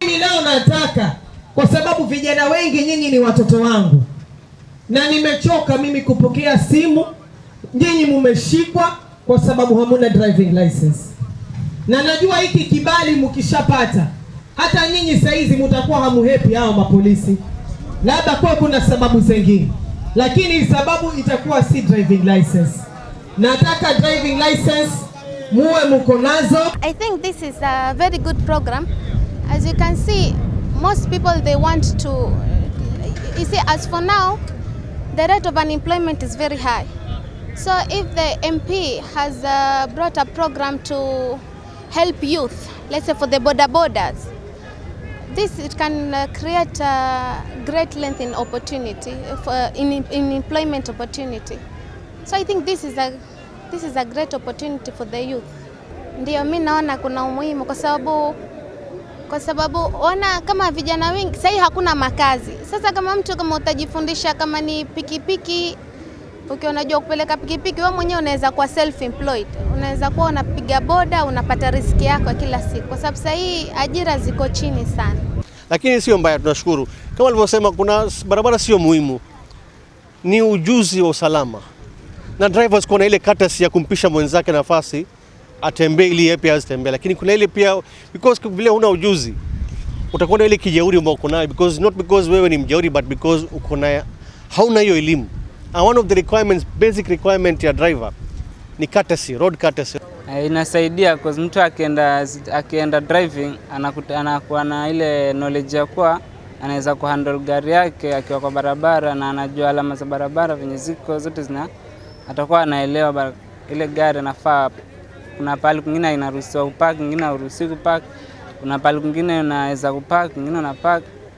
Mimi leo nataka, kwa sababu vijana wengi nyinyi ni watoto wangu, na nimechoka mimi kupokea simu, nyinyi mumeshikwa kwa sababu hamuna driving license, na najua hiki kibali mkishapata, hata nyinyi saizi mutakuwa hamuhepi hao mapolisi, labda kwa kuna sababu zingine, lakini sababu itakuwa si driving license. Nataka driving license muwe muko nazo. I think this is a very good program. As you can see, most people they want to you see as for now the rate of unemployment is very high. So if the MP has uh, brought a program to help youth, let's say for the border borders, this it can uh, create a great length in opportunity, uh, for, in, in employment opportunity. So I think this is a This is a great opportunity for the youth. Ndio mi naona kuna umuhimu kwa sababu kwa sababu ona kama vijana wengi sasa hakuna makazi. Sasa kama mtu kama utajifundisha kama ni pikipiki ukiwa unajua kupeleka pikipiki wewe mwenyewe unaweza kuwa self employed. Unaweza kuwa unapiga boda unapata riziki yako kila siku. Kwa sababu sasa hii ajira ziko chini sana. Lakini sio mbaya, tunashukuru. Kama alivyosema, kuna barabara sio muhimu, ni ujuzi wa usalama na drivers, kuna ile courtesy ya kumpisha mwenzake nafasi atembee ili yeye pia azitembee, lakini kuna ile pia because vile una ujuzi utakuwa na ile kijeuri ambayo uko nayo because not because wewe ni mjeuri but because uko na hauna hiyo elimu. And one of the requirements, basic requirement ya driver ni courtesy, road courtesy. Eh, inasaidia cause mtu akienda akienda driving anakuwa na ile knowledge ya kuwa anaweza kuhandle gari yake akiwa kwa barabara na anajua alama za barabara venye ziko zote zina atakuwa anaelewa ile gari anafaa. Kuna pahali kwingine inaruhusiwa kupark, kwingine hauruhusiwi kupark, kuna pahali kwingine unaweza kupark, kwingine una park